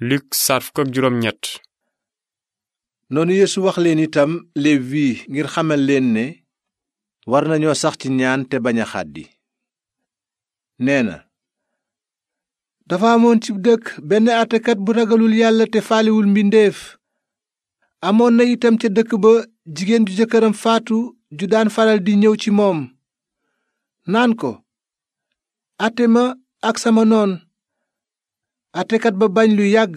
Luk saar fukk noonu Yeesu wax leen itam léeb wii ngir xamal leen ne war nañoo sax ci ñaan te bañ a xàddi nee na dafa amoon ci dëkk benn àttekat bu ragalul yàlla te faaliwul mbindeef amoon na itam ca dëkk ba jigéen ju jëkkëram faatu ju daan faral di ñëw ci moom naan ko àtte ma ak sama noon àttekat ba bañ lu yàgg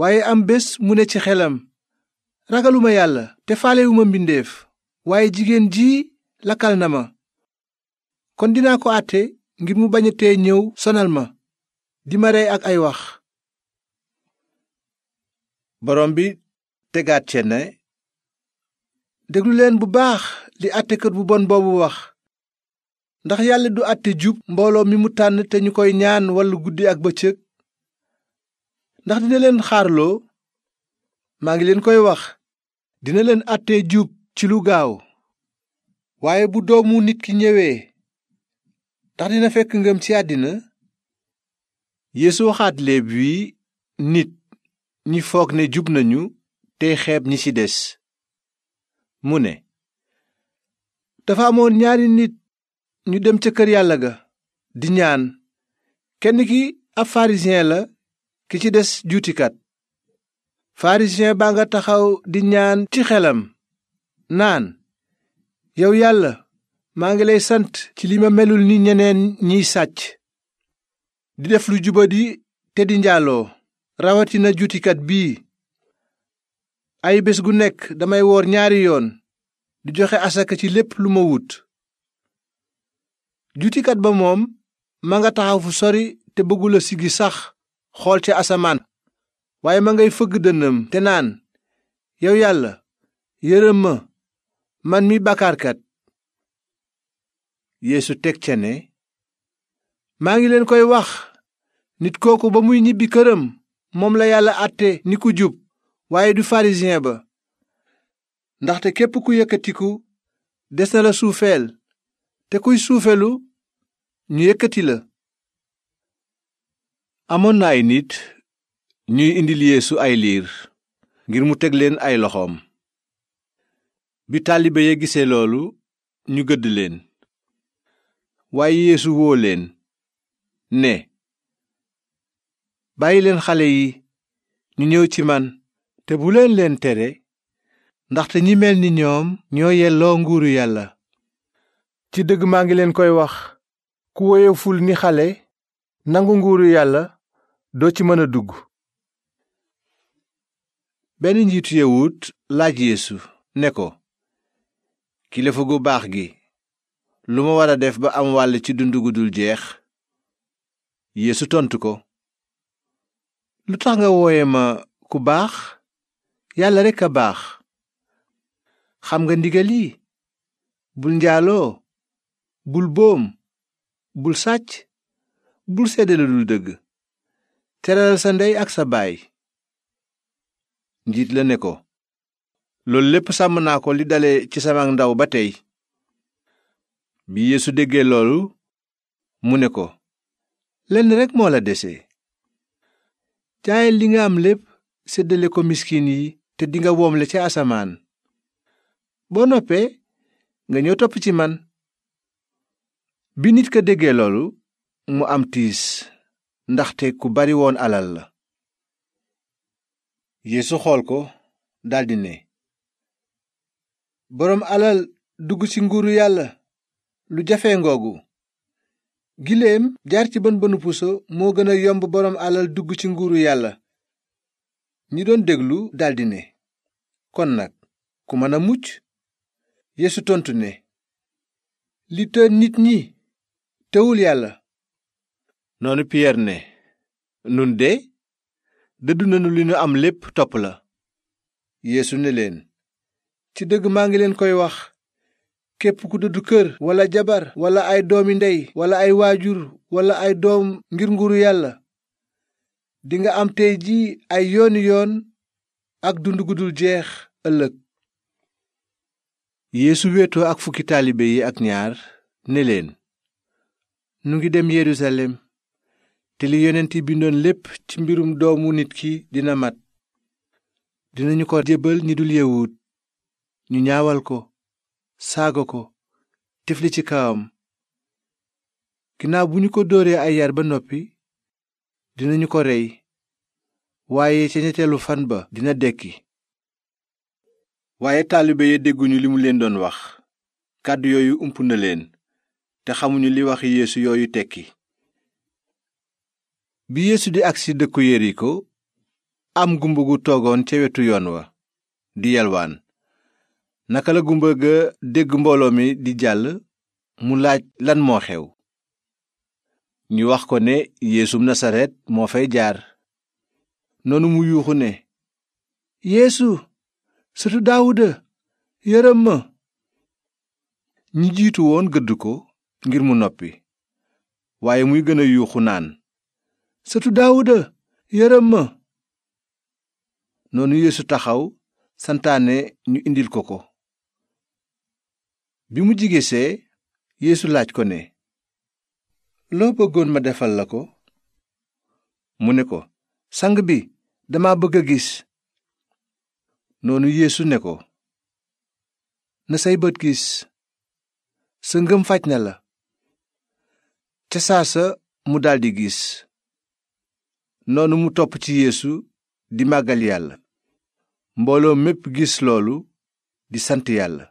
waaye am bés mu ne ci xelam ragaluma yàlla te faalewuma mbindeef waaye jigéen ji lakkal na ma kon dinaa ko àtte ngir mu bañ a tee ñëw sonal ma di ma rey ak ay wax borom bi tegaat ce ne leen bu baax li àttekat bu bon boobu wax ndax yàlla du àtte jub mbooloo mi mu tànn te ñu koy ñaan walla guddi ak bëccëg ndax dina leen xaarloo maa ngi leen koy wax dina leen àttee jub ci lu gaaw waaye bu doomu nit ki ñëwee ndax dina fekk ngëm ci àddina Yeesu waxaat léeb wi nit ñi foog ne jub nañu te xeeb ñi ci des mu ne dafa amoon ñaari nit ñu dem ca kër yàlla ga di ñaan kenn ki ab pharisien la ki ci des juutikat pharisien baa nga taxaw di ñaan ci xelam naan yow yàlla maa ngi lay sant ci li ma melul ni ñeneen ñiy sàcc di def lu juba jubadi te di njaaloo rawatina juutikat bii ay bés gu nekk damay woor ñaari yoon di joxe asaka ci lépp lu ma wut juutikat ba moom ma nga taxaw fu sori te bëggula sigi sax xool ca asamaan waaye ma ngay fëgg dënnam te naan yow yàlla yërëm ma man mi bàkkaarkat yéesu teg ca ne maa ngi leen koy wax nit kooku ba muy ñibbi këram moom la yàlla àtte ni ku jub waaye du pharisien ba ndaxte képp ku yëkkatiku des na la suufeel te kuy suufeelu ñu yëkkati la amoon na ay nit ñuy indil yéesu ay liir ngir mu teg leen ay loxoom bi taalibe ya gisee loolu ñu gëdd leen waaye yeesu woo leen ne bàyyi leen xale yi ñu ñëw ci man te bu leen leen tere ndaxte ñi mel ni ñoom ñoo yelloo nguuru yàlla ci dëgg maa ngi leen koy wax ku woyeful ni xale nangu nguuru yàlla doo ci mën a dugg benn njiitu yawut laaj yéesu né ko kilifa gu baax gi lu ma war a def ba am wàll ci dund gu dul jeex yeesu tontu ko lu tax nga wooye ma ku baax yàlla rekk a baax xam nga ndigal yi bul njaaloo bul boom bul sàcc bul seede dul dëgg teral sa ndey ak sa baay njiit la ne ko loolu lépp sàmm naa ko li dale ci sama ndaw ba tey bi yeesu déggee loolu mu ne ko lenn rekk moo la dese jaayal li nga am lépp séddale ko miskin yi te dinga woomle ca asamaan boo noppee nga ñëw topp ci man bi nit ka déggee loolu mu am tiis ndaxte ku bari alal la yéesu xool ko daldi ne boroom alal dugg ci nguuru yàlla lu jafe ngoogu giléem jaar ci bën bënu puso moo gën a yomb boroom alal dugg ci nguuru yàlla ñi doon déglu daldi ne kon nag ku mën a mucc yeesu tontu ne li të nit ñi tewul yàlla noonu piyeer ne nun de dëddu nanu li nu am lépp topp la yéesu ne leen ci dëgg maa ngi leen koy wax képp ku dëddu kër walla jabar walla ay doomi ndey walla ay waajur walla ay doom ngir nguuru yàlla dinga am tey jii ay yooni yoon ak dund gu jeex ëllëg yeesu wéetoo ak fukki taalibe yi ak ñaar ne leen nu ngi dem yerusalem te li yonent yi bindoon lépp ci mbirum doomu nit ki dina mat dinañu ko jébbal ñi dul yewuut ñu ñaawal ko saaga ko tifli ci kawam ginnaaw bu ñu ko dóoree ay yar ba noppi dinañu ko rey waaye ca ñetteelu fan ba dina dekki waaye taalibe ya dégguñu li mu leen doon wax kàddu yooyu ump na leen te xamuñu li wax yeesu yooyu tekki bi yeesu di agsi dëkku yeriko am gumba gu toogoon ca wetu yoon wa di yalwaan naka la gumba ga dégg mbooloo mi di jàll mu laaj lan moo xew ñu wax ko ne yeesum nasaret moo fay jaar noonu mu yuuxu ne yéesu sëtu daawuda yërëm ma ñi jiitu woon gëdd ko ngir mu noppi waaye muy gën a yuuxu naan sëtu daawuda noonu yéesu taxaw santaane ñu indil ko ko bi mu jigesee yéesu laaj ko ne loo bëggoon ma defal la ko mu ne ko sang bi dama bëgg a gis noonu yéesu ne ko na say bët gis sa ngëm faj na la ca saa sa mu daldi gis noonu mu topp ci yéesu di màggal yàlla mbooloo mépp gis loolu di sant yàlla